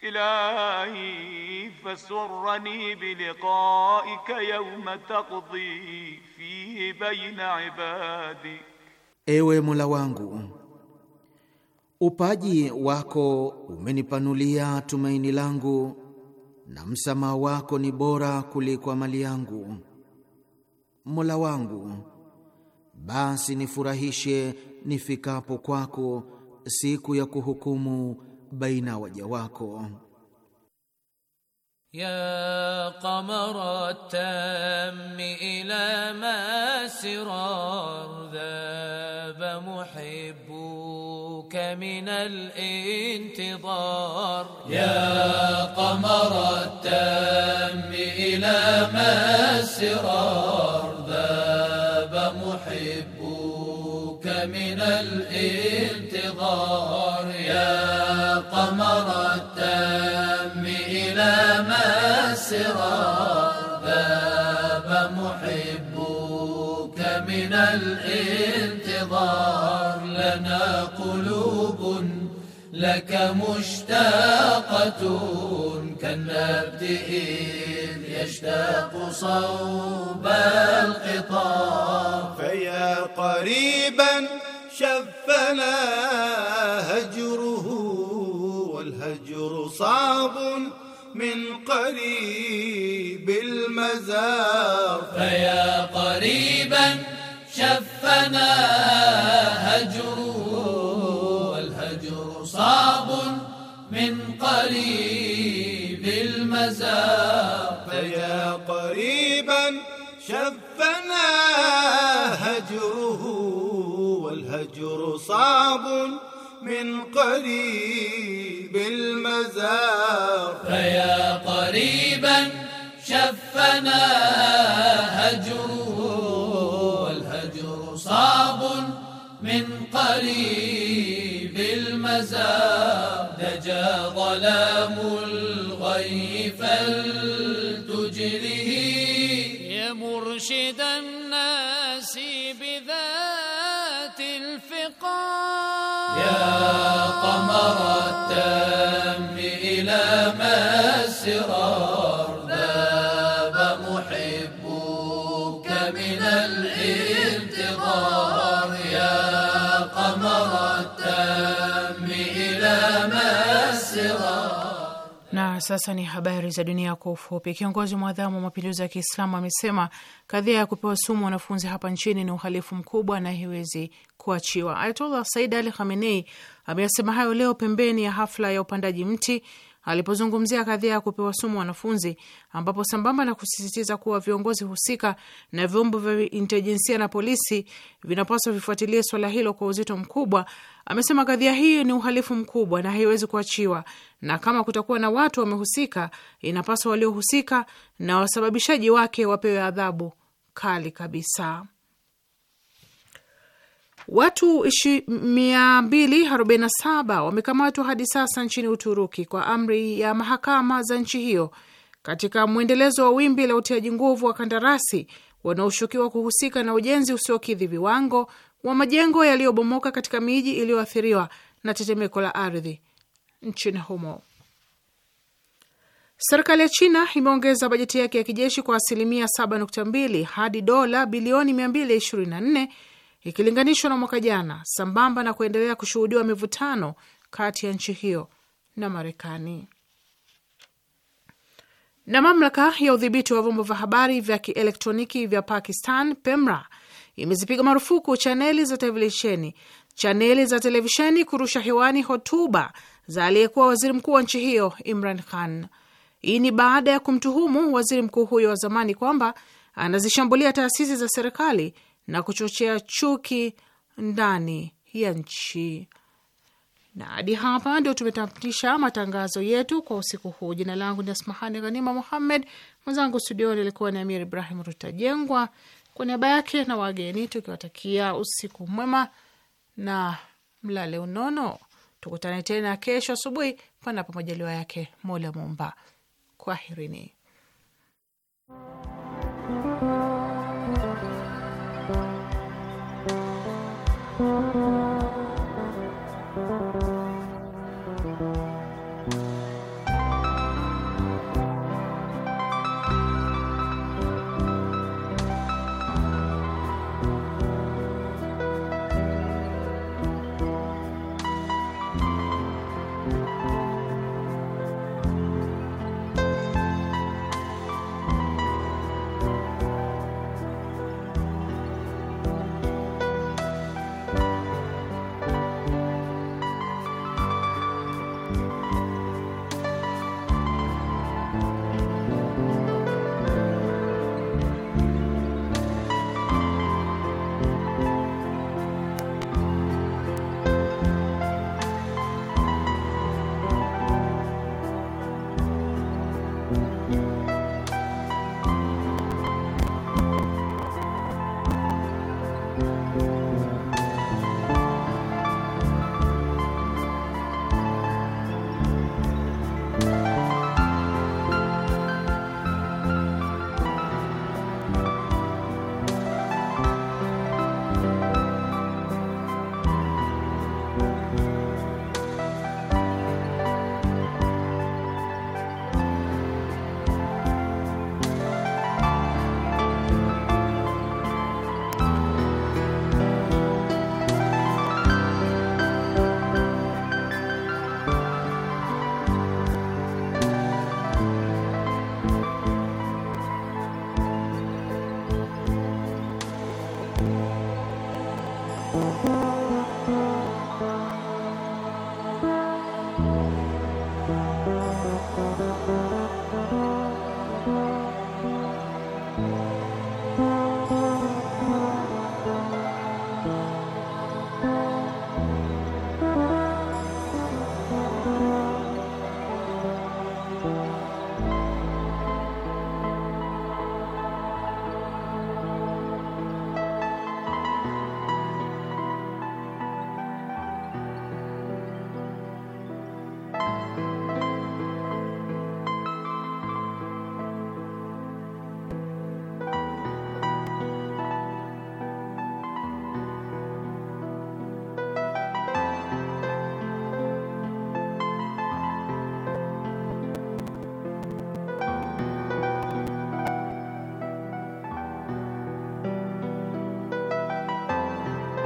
Ilahi fasurrani biliqaika yawma taqdi fihi bayna ibadi Ewe Mola wangu, upaji wako umenipanulia tumaini langu, na msamaha wako ni bora kuliko mali yangu. Mola wangu, basi nifurahishe nifikapo kwako siku ya kuhukumu baina waja wako. يا قمر التام إلى ما سرار ذاب محبك من الانتظار يا قمر التام إلى ما سرار ذاب محبك من الانتظار يا قمر التام أمام سراب باب محبك من الانتظار لنا قلوب لك مشتاقة كالنبت إذ يشتاق صوب القطار فيا قريبا شفنا هجره والهجر صعب من قريب المزار فيا قريبا شفنا هجره والهجر صعب من قريب المزار فيا قريبا شفنا هجره والهجر صعب من قريب المزار فيا قريبا شفنا هجره والهجر صعب من قريب المزار دجا ظلام الغي فلتجره يا مرشد الناس مسار التام إلى ما السرار ذاب محبك من الانتظار يا قمر التام إلى ما السرار na sasa ni habari za dunia kwa ufupi. Kiongozi mwadhamu wa mapinduzi ya Kiislamu amesema kadhia ya kupewa sumu wanafunzi hapa nchini ni uhalifu mkubwa na haiwezi kuachiwa. Ayatollah Said Ali Khamenei Ameyasema hayo leo pembeni ya hafla ya upandaji mti alipozungumzia kadhia ya kupewa sumu wanafunzi, ambapo sambamba na kusisitiza kuwa viongozi husika na vyombo vya intelijensia na polisi vinapaswa vifuatilie swala hilo kwa uzito mkubwa, amesema kadhia hii ni uhalifu mkubwa na haiwezi kuachiwa, na kama kutakuwa na watu wamehusika, inapaswa waliohusika na wasababishaji wake wapewe adhabu kali kabisa. Watu 247 wamekamatwa hadi sasa nchini Uturuki kwa amri ya mahakama za nchi hiyo katika mwendelezo wa wimbi la utiaji nguvu wa kandarasi wanaoshukiwa kuhusika na ujenzi usiokidhi viwango wa majengo yaliyobomoka katika miji iliyoathiriwa na tetemeko la ardhi nchini humo. Serikali ya China imeongeza bajeti yake ya kijeshi kwa asilimia 7.2 hadi dola bilioni 224 ikilinganishwa na mwaka jana, sambamba na kuendelea kushuhudiwa mivutano kati ya nchi hiyo na Marekani. Na mamlaka ya udhibiti wa vyombo vya habari vya kielektroniki vya Pakistan, PEMRA, imezipiga marufuku chaneli za televisheni chaneli za televisheni kurusha hewani hotuba za aliyekuwa waziri mkuu wa nchi hiyo Imran Khan. Hii ni baada ya kumtuhumu waziri mkuu huyo wa zamani kwamba anazishambulia taasisi za serikali na kuchochea chuki ndani ya nchi. Na hadi hapa ndio tumetamatisha matangazo yetu kwa usiku huu. Jina langu ni Asmahani Ghanima Muhammed, mwenzangu studioni alikuwa ni Amir Ibrahim Rutajengwa. Kwa niaba yake na wageni, tukiwatakia usiku mwema na mlale unono. Tukutane tena kesho asubuhi, panapo majaliwa yake Mola Mumba. Kwaherini. thank you